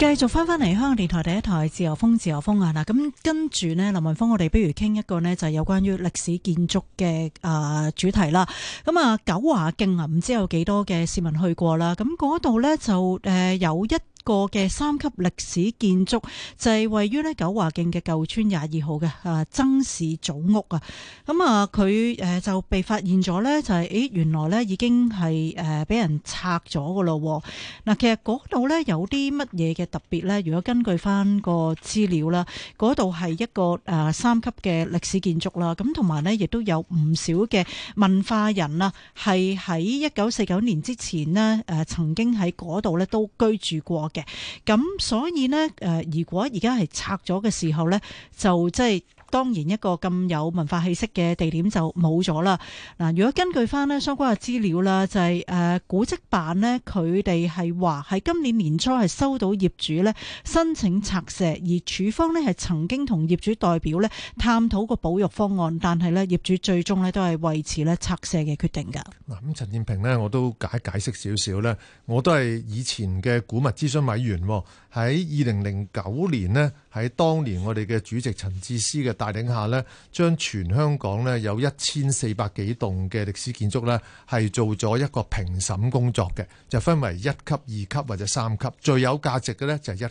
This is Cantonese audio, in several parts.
繼續返返嚟，香港電台第一台自由風自由風啊！嗱，咁跟住呢，林文峰，我哋不如傾一個呢，就係有關於歷史建築嘅誒主題啦。咁啊，九華徑啊，唔知有幾多嘅市民去過啦。咁嗰度呢，就誒有一。一個嘅三級歷史建築就係位於咧九華徑嘅舊村廿二號嘅啊曾氏祖屋啊，咁啊佢誒就被發現咗呢，就係誒原來呢已經係誒俾人拆咗嘅咯。嗱，其實嗰度呢有啲乜嘢嘅特別呢？如果根據翻個資料啦，嗰度係一個誒三級嘅歷史建築啦，咁同埋呢，亦都有唔少嘅文化人啦，係喺一九四九年之前呢，誒曾經喺嗰度呢都居住過。嘅，咁所以咧，誒，如果而家係拆咗嘅時候咧，就即係。當然一個咁有文化氣息嘅地點就冇咗啦。嗱，如果根據翻呢相關嘅資料啦，就係、是呃、古跡辦。呢佢哋係話係今年年初係收到業主呢申請拆卸，而處方呢係曾經同業主代表呢探討過保育方案，但係呢業主最終都係維持呢拆卸嘅決定㗎。嗱、嗯，咁陳健平呢，我都解解釋少少咧，我都係以前嘅古物諮詢委員喎，喺二零零九年呢，喺當年我哋嘅主席陳智思嘅。帶領下咧，將全香港咧有一千四百幾棟嘅歷史建築咧，係做咗一個評審工作嘅，就分為一級、二級或者三級，最有價值嘅咧就係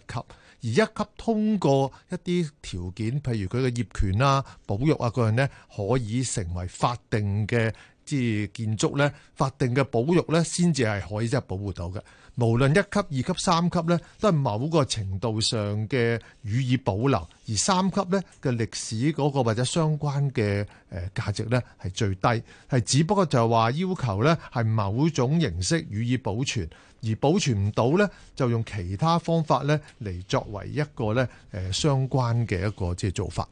一級，而一級通過一啲條件，譬如佢嘅業權啦、保育啊嗰樣咧，可以成為法定嘅。即建築咧法定嘅保育咧，先至係可以即係保護到嘅。無論一級、二級、三級咧，都係某個程度上嘅予以保留。而三級咧嘅歷史嗰個或者相關嘅誒價值咧係最低，係只不過就係話要求咧係某種形式予以保存，而保存唔到咧就用其他方法咧嚟作為一個咧誒相關嘅一個即係做法。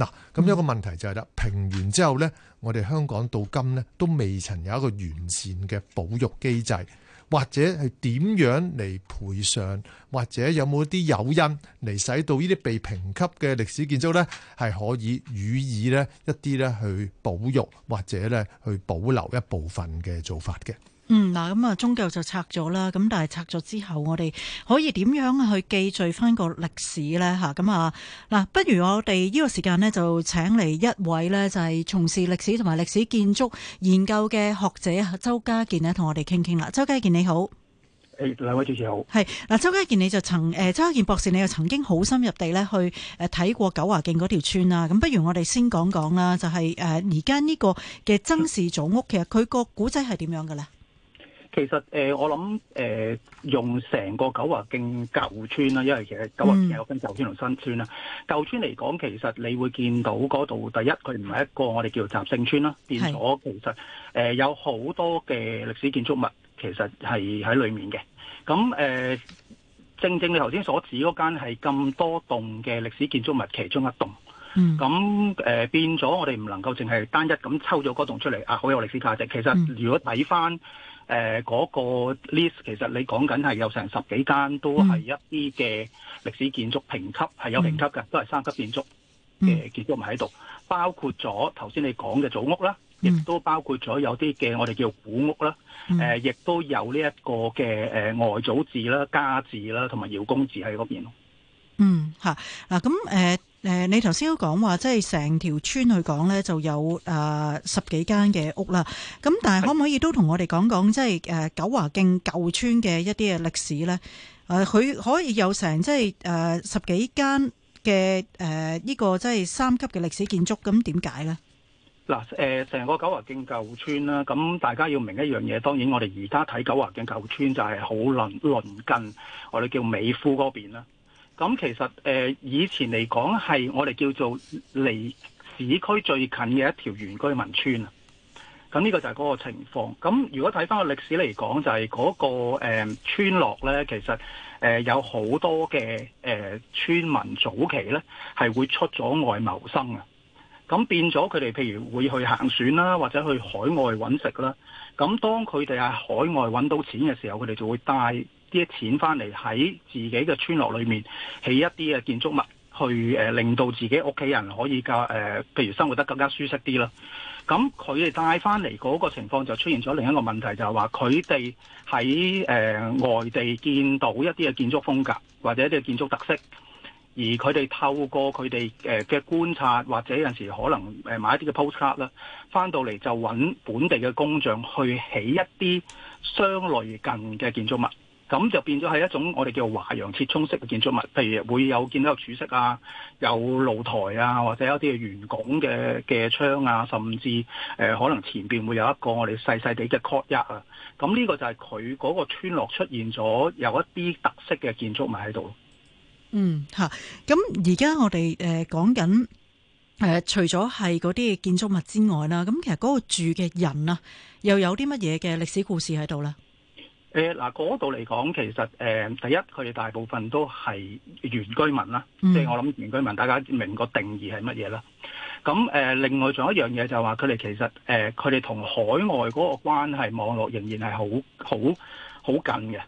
嗱，咁有一個問題就係啦，評完之後咧，我哋香港到今咧都未曾有一個完善嘅保育機制，或者係點樣嚟賠償，或者有冇一啲誘因嚟使到呢啲被評級嘅歷史建築咧，係可以予以咧一啲咧去保育或者咧去保留一部分嘅做法嘅。嗯嗱，咁啊，宗教就拆咗啦。咁但係拆咗之後，我哋可以點樣去記叙翻個歷史咧？吓咁啊，嗱，不如我哋呢個時間呢，就請嚟一位呢，就係、是、從事歷史同埋歷史建築研究嘅學者周家健呢，同我哋傾傾啦。周家健，聊聊周家健，你好，誒，兩位主持好。係嗱，周家健你就曾誒、呃，周家健博士，你又曾經好深入地呢去誒睇過九華徑嗰條村啦。咁、嗯、不如我哋先講講啦，就係誒而家呢個嘅曾氏祖屋，其實佢個古仔係點樣嘅咧？其實誒、呃，我諗誒、呃，用成個九華徑舊村啦，因為其實九華徑有分、嗯、舊村同新村啦。舊村嚟講，其實你會見到嗰度，第一佢唔係一個我哋叫做雜姓村啦，變咗其實誒、呃、有好多嘅歷史建築物，其實係喺裡面嘅。咁誒、呃，正正你頭先所指嗰間係咁多棟嘅歷史建築物其中一棟。咁誒、嗯呃、變咗，我哋唔能夠淨係單一咁抽咗嗰棟出嚟，啊好有歷史價值。其實如果睇返，嗯誒嗰、呃那個 list 其實你講緊係有成十幾間都係一啲嘅歷史建築評級係、嗯、有評級嘅，嗯、都係三級建築嘅建築物喺度，嗯、包括咗頭先你講嘅祖屋啦，亦、嗯、都包括咗有啲嘅我哋叫古屋啦，誒亦、嗯呃、都有呢一個嘅誒外祖字啦、家字啦同埋姚公字喺嗰邊。嗯，嚇嗱咁誒。呃誒，你頭先都講話，即係成條村去講咧，就有誒、呃、十幾間嘅屋啦。咁但係可唔可以都同我哋講講，即係誒九華徑舊村嘅一啲嘅歷史咧？誒、呃，佢可以有成即係誒、呃、十幾間嘅誒呢個即係三級嘅歷史建築，咁點解咧？嗱、呃，誒，成個九華徑舊村啦，咁大家要明一樣嘢，當然我哋而家睇九華徑舊村就係好鄰鄰近我哋叫美孚嗰邊啦。咁其實誒、呃、以前嚟講係我哋叫做離市區最近嘅一條原居民村啊。咁呢個就係嗰個情況。咁如果睇返個歷史嚟講、那個，就係嗰個村落呢，其實誒、呃、有好多嘅誒、呃、村民早期呢係會出咗外謀生嘅。咁變咗佢哋，譬如會去行船啦，或者去海外揾食啦。咁當佢哋喺海外揾到錢嘅時候，佢哋就會帶啲錢翻嚟喺自己嘅村落裏面起一啲嘅建築物，去誒令到自己屋企人可以比較誒，譬如生活得更加舒適啲啦。咁佢哋帶翻嚟嗰個情況就出現咗另一個問題，就係話佢哋喺誒外地見到一啲嘅建築風格或者一啲嘅建築特色，而佢哋透過佢哋誒嘅觀察，或者有陣時可能誒買一啲嘅 postcard 啦，翻到嚟就揾本地嘅工匠去起一啲相類近嘅建築物。咁就變咗係一種我哋叫華洋折衷式嘅建築物，譬如會有見到有柱式啊，有露台啊，或者有一啲圓拱嘅嘅窗啊，甚至、呃、可能前面會有一個我哋細細哋嘅 court yard 啊。咁呢個就係佢嗰個村落出現咗有一啲特色嘅建築物喺度，嗯。嗯，吓咁而家我哋誒講緊除咗係嗰啲建築物之外啦，咁、嗯、其實嗰個住嘅人啊，又有啲乜嘢嘅歷史故事喺度咧？誒嗱，嗰度嚟講，其實誒第一，佢哋大部分都係原居民啦，即係我諗原居民，嗯、居民大家明個定義係乜嘢啦？咁誒、呃，另外仲有一樣嘢就係、是、話，佢哋其實誒佢哋同海外嗰個關係網絡仍然係好好好緊嘅。誒、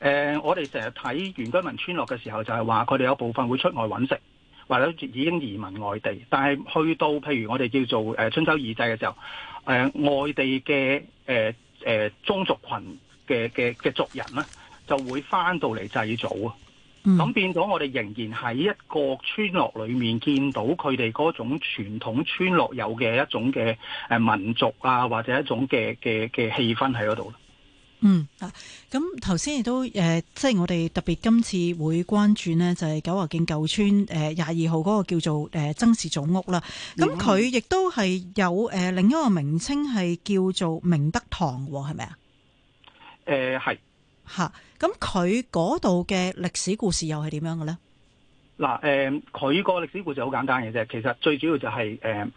呃，我哋成日睇原居民村落嘅時候就，就係話佢哋有部分會出外揾食，或者已經移民外地，但係去到譬如我哋叫做、呃、春秋二祭嘅時候，呃、外地嘅宗、呃呃、族群。嘅嘅嘅族人咧，就會翻到嚟祭祖。啊、嗯！咁變咗，我哋仍然喺一個村落裏面見到佢哋嗰種傳統村落有嘅一種嘅誒民族啊，或者一種嘅嘅嘅氣氛喺嗰度。嗯啊！咁頭先亦都誒、呃，即係我哋特別今次會關注呢，就係、是、九華徑舊村誒廿二號嗰個叫做誒、呃、曾氏祖屋啦。咁佢亦都係有誒、呃、另一個名稱係叫做明德堂喎、哦，係咪啊？誒係，吓，咁佢嗰度嘅歷史故事又係點樣嘅咧？嗱，誒，佢個歷史故事好簡單嘅啫。其實最主要就係，誒，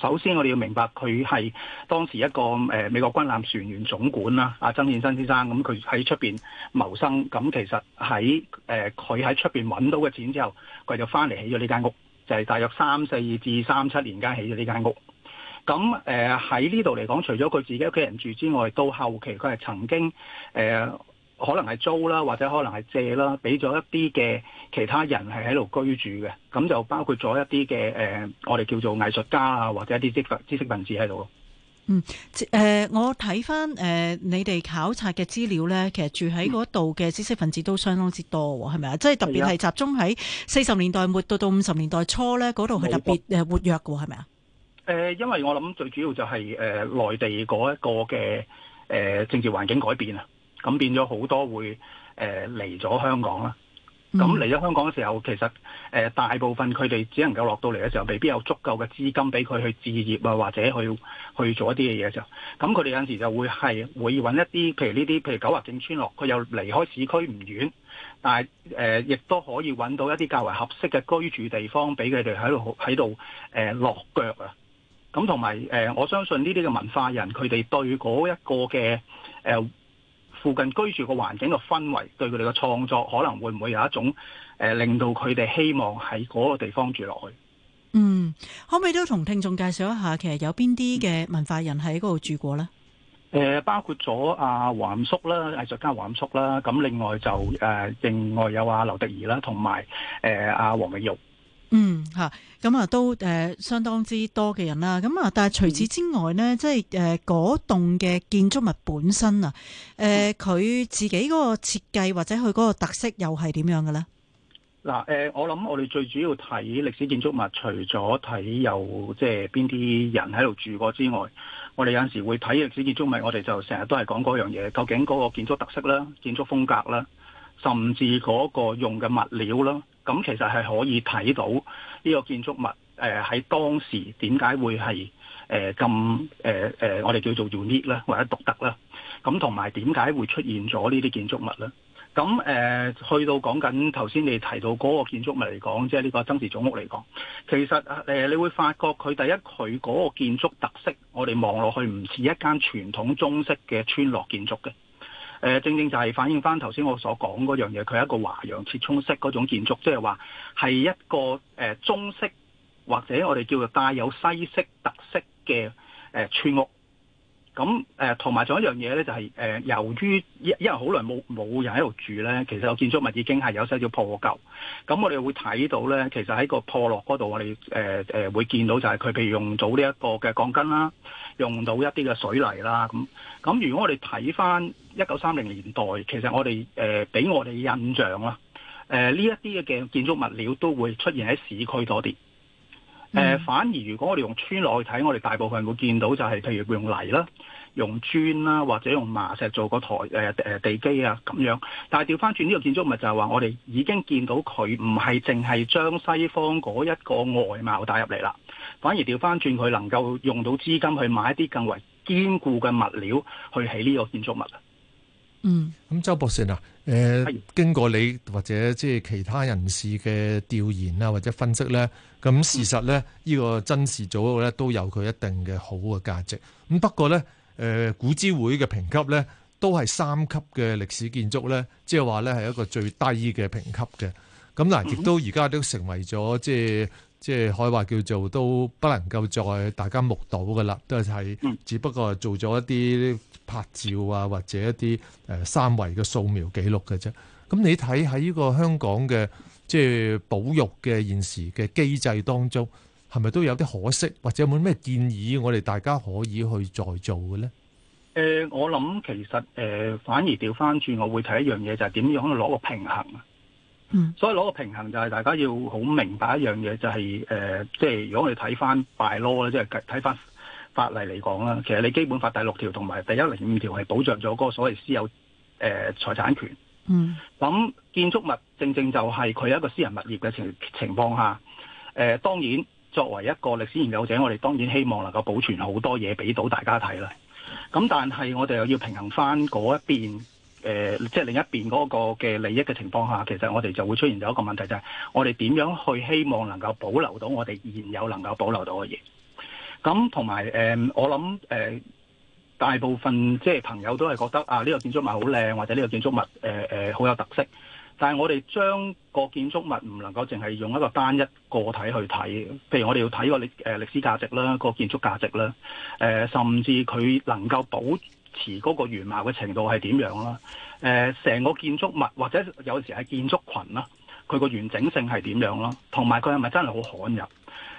首先我哋要明白佢係當時一個誒美國軍艦船員總管啦。阿曾憲生先生咁，佢喺出邊謀生，咁其實喺誒佢喺出邊揾到嘅錢之後，佢就翻嚟起咗呢間屋，就係大約三四至三七年間起咗呢間屋。咁喺呢度嚟講，除咗佢自己屋企人住之外，到後期佢係曾經誒、呃、可能係租啦，或者可能係借啦，俾咗一啲嘅其他人係喺度居住嘅。咁就包括咗一啲嘅誒，我哋叫做藝術家啊，或者一啲知識知識分子喺度。嗯，誒、呃、我睇翻誒你哋考察嘅資料呢，其實住喺嗰度嘅知識分子都相當之多，哦，係咪啊？即、就、係、是、特別係集中喺四十年代末到到五十年代初呢嗰度係特別活躍喎，係咪啊？誒，因為我諗最主要就係、是、誒、呃、內地嗰一個嘅誒、呃、政治環境改變啊，咁變咗好多會誒嚟咗香港啦。咁嚟咗香港嘅時候，其實誒、呃、大部分佢哋只能夠落到嚟嘅時候，未必有足夠嘅資金俾佢去置業啊，或者去去做一啲嘅嘢就。咁佢哋有陣時就會係會揾一啲譬如呢啲譬如九華徑村落，佢又離開市區唔遠，但係誒、呃、亦都可以揾到一啲較為合適嘅居住地方俾佢哋喺度喺度落腳啊。咁同埋，誒，我相信呢啲嘅文化人，佢哋對嗰一個嘅附近居住嘅環境嘅氛圍對佢哋嘅創作可能會唔會有一種誒令到佢哋希望喺嗰個地方住落去。嗯，可唔可以都同聽眾介紹一下，其實有邊啲嘅文化人喺嗰度住過咧？誒包括咗阿黃叔啦，藝術家黃叔啦，咁另外就誒另外有阿劉迪儀啦，同埋誒阿黃永玉。嗯吓，咁啊都誒、呃、相當之多嘅人啦，咁啊但係除此之外咧，嗯、即係誒嗰棟嘅建築物本身啊，誒、呃、佢自己嗰個設計或者佢嗰個特色又係點樣嘅咧？嗱、呃，誒我諗我哋最主要睇歷史建築物，除咗睇有即係邊啲人喺度住過之外，我哋有陣時會睇歷史建築物，我哋就成日都係講嗰樣嘢，究竟嗰個建築特色啦、建築風格啦，甚至嗰個用嘅物料啦。咁其實係可以睇到呢個建築物，誒、呃、喺當時點解會係誒咁誒我哋叫做 unique 啦，或者獨特啦。咁同埋點解會出現咗呢啲建築物咧？咁誒、呃、去到講緊頭先你提到嗰個建築物嚟講，即係呢個曾氏祖屋嚟講，其實、呃、你會發覺佢第一佢嗰個建築特色，我哋望落去唔似一間傳統中式嘅村落建築嘅。誒正正就係反映翻頭先我所講嗰樣嘢，佢係一個華洋折衷式嗰種建築，即係話係一個誒中式或者我哋叫做帶有西式特色嘅誒村屋。咁誒同埋仲有一樣嘢咧，就係誒由於因為好耐冇冇人喺度住咧，其實個建築物已經係有少少破舊。咁我哋會睇到咧，其實喺個破落嗰度，我哋誒會見到就係佢譬如用到呢一個嘅鋼筋啦，用到一啲嘅水泥啦咁。咁如果我哋睇翻一九三零年代，其實我哋誒俾我哋印象啦，誒呢一啲嘅建築物料都會出現喺市區多啲。嗯、反而如果我哋用村落去睇，我哋大部分會見到就係，譬如用泥啦、用磚啦，或者用麻石做個台、誒誒地基啊咁樣。但係調翻轉呢個建築物就係話，我哋已經見到佢唔係淨係將西方嗰一個外貌帶入嚟啦，反而調翻轉佢能夠用到資金去買一啲更為堅固嘅物料去起呢個建築物。嗯，咁周博士啊，誒、呃、的經過你或者即係其他人士嘅調研啊，或者分析咧，咁事實咧，呢、這個曾氏祖屋咧都有佢一定嘅好嘅價值。咁不過咧，誒、呃、古諮會嘅評級咧，都係三級嘅歷史建築咧，即係話咧係一個最低嘅評級嘅。咁嗱，亦都而家都成為咗，即係即係可以話叫做都不能夠再大家目睹㗎啦，都係只不過做咗一啲拍照啊，或者一啲、呃、三維嘅掃描記錄嘅啫。咁你睇喺呢個香港嘅即係保育嘅現時嘅機制當中，係咪都有啲可惜，或者有冇咩建議我哋大家可以去再做嘅咧？誒、呃，我諗其實、呃、反而調翻轉，我會睇一樣嘢就係點樣去攞個平衡。所以攞個平衡就係大家要好明白一樣嘢，就係、是、誒、呃，即係如果我哋睇翻 by law，即係睇翻法例嚟講啦。其實你基本法第六條同埋第一零五條係保障咗嗰個所謂私有誒、呃、財產權。嗯，咁建築物正正就係佢一個私人物業嘅情情況下，誒、呃、當然作為一個歷史研究者，我哋當然希望能夠保存好多嘢俾到大家睇啦。咁但係我哋又要平衡翻嗰一邊。誒、呃，即係另一邊嗰個嘅利益嘅情況下，其實我哋就會出現咗一個問題，就係、係、我哋點樣去希望能夠保留到我哋現有能夠保留到嘅嘢。咁同埋誒，我諗誒、呃，大部分即係、呃就係、朋友都係覺得啊，呢、呢個建築物好靚，或者呢個建築物誒誒好有特色。但係我哋將嗰個建築物唔能夠淨係用一個單一個體去睇，譬如我哋要睇個歷歷史價值啦，嗰個建築價值啦、呃，甚至佢能夠保持嗰個原貌嘅程度係點樣啦？誒、呃，成個建築物或者有時係建築群啦，佢個完整性係點樣啦？同埋佢係咪真係好罕有？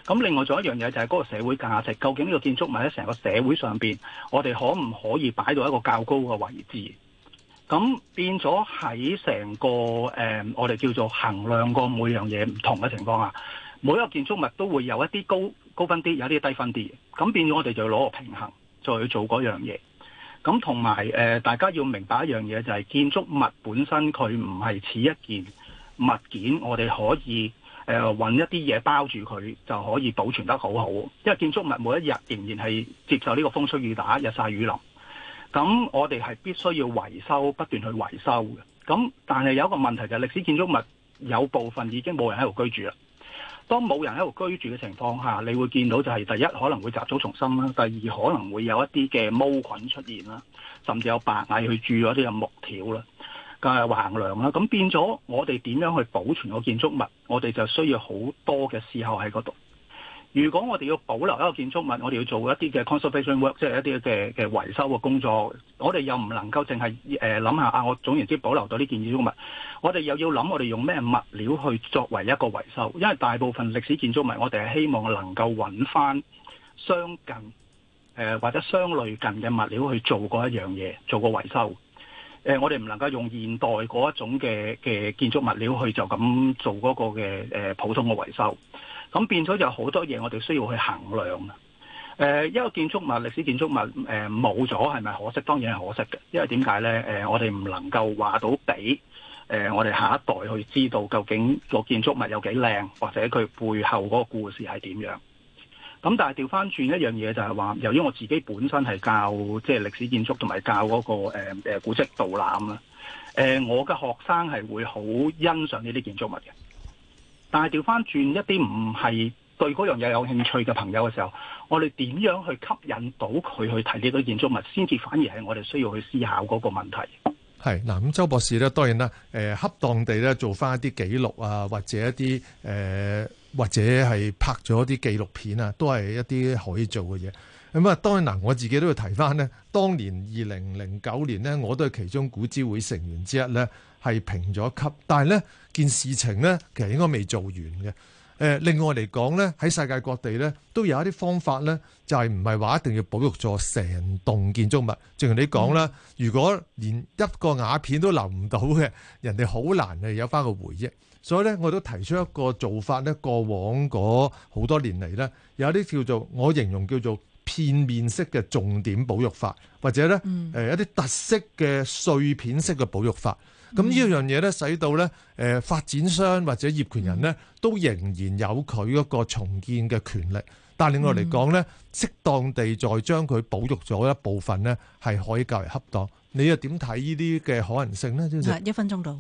咁另外仲有一樣嘢就係嗰個社會價值，究竟呢個建築物喺成個社會上邊，我哋可唔可以擺到一個較高嘅位置？咁變咗喺成個誒、呃，我哋叫做衡量過每樣嘢唔同嘅情況下，每一個建築物都會有一啲高高分啲，有一啲低分啲嘅。咁變咗，我哋就要攞個平衡，再做嗰樣嘢。咁同埋誒，大家要明白一樣嘢，就係、係、建築物本身佢唔係似一件物件，我哋可以誒揾、呃、一啲嘢包住佢就可以保存得好好。因為建築物每一日仍然係接受呢個風吹雨打、日曬雨淋。咁我哋係必須要維修，不斷去維修嘅。咁但係有一個問題就係、係、歷史建築物有部分已經冇人喺度居住啦。當冇人喺度居住嘅情況下，你會見到就係第一可能會雜草叢生啦，第二可能會有一啲嘅毛菌出現啦，甚至有白蟻去住嗰啲嘅木條啦、梗係橫樑啦，咁變咗我哋點樣去保存個建築物，我哋就需要好多嘅時候喺嗰度。如果我哋要保留一個建築物，我哋要做一啲嘅 conservation work，即係一啲嘅嘅維修嘅工作。我哋又唔能夠淨係誒諗下啊，我總言之保留到呢件建築物，我哋又要諗我哋用咩物料去作為一個維修。因為大部分歷史建築物，我哋係希望能夠揾翻相近誒或者相類近嘅物料去做嗰一樣嘢，做個維修。誒，我哋唔能夠用現代嗰一種嘅嘅建築物料去就咁做嗰個嘅誒普通嘅維修。咁變咗就好多嘢，我哋需要去衡量啊！誒、呃，一個建築物、歷史建築物誒冇咗係咪可惜？當然係可惜嘅，因為點解咧？誒、呃，我哋唔能夠話到俾誒、呃、我哋下一代去知道究竟個建築物有幾靚，或者佢背後嗰個故事係點樣。咁、呃、但係調翻轉一樣嘢就係話，由於我自己本身係教即係、就是、歷史建築同埋教嗰、那個誒、呃呃、古跡導覽、呃、我嘅學生係會好欣賞呢啲建築物嘅。但係調翻轉一啲唔係對嗰樣嘢有興趣嘅朋友嘅時候，我哋點樣去吸引到佢去睇呢個建築物，先至反而係我哋需要去思考嗰個問題。係嗱，咁周博士呢，當然啦，誒、呃，恰當地咧做翻一啲記錄啊，或者一啲誒、呃，或者係拍咗一啲紀錄片啊，都係一啲可以做嘅嘢。咁、嗯、啊，當然嗱，我自己都要提翻呢，當年二零零九年呢，我都係其中古諮會成員之一咧。係平咗一級，但係咧件事情咧，其實應該未做完嘅。誒，另外嚟講咧，喺世界各地咧都有一啲方法咧，就係唔係話一定要保育咗成棟建築物。正如你講啦，嗯、如果連一個瓦片都留唔到嘅，人哋好難係有翻個回憶。所以咧，我都提出一個做法咧，過往嗰好多年嚟咧，有啲叫做我形容叫做片面式嘅重點保育法，或者咧誒、嗯呃、一啲特色嘅碎片式嘅保育法。咁呢、嗯、樣嘢咧，使到咧誒發展商或者業權人咧，都仍然有佢嗰個重建嘅權力。但係另外嚟講咧，適當地再將佢保育咗一部分咧，係可以較為恰當。你又點睇呢啲嘅可能性呢？一分鐘到、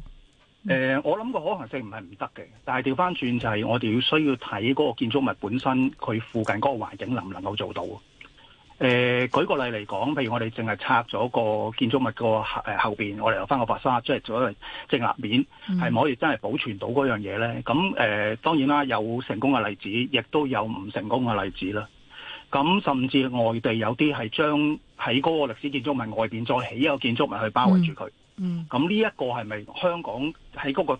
呃。我諗個可能性唔係唔得嘅，但係調翻轉就係我哋要需要睇嗰個建築物本身，佢附近嗰個環境能唔能夠做到。誒、呃、舉個例嚟講，譬如我哋淨係拆咗個建築物個後誒後邊，我哋留翻個白沙，即、就、係、是、做一個正立面，係唔、嗯、可以真係保存到嗰樣嘢咧？咁誒、呃、當然啦，有成功嘅例子，亦都有唔成功嘅例子啦。咁甚至外地有啲係將喺嗰個歷史建築物外邊再起一個建築物去包圍住佢、嗯。嗯，咁呢一個係咪香港喺嗰、那個？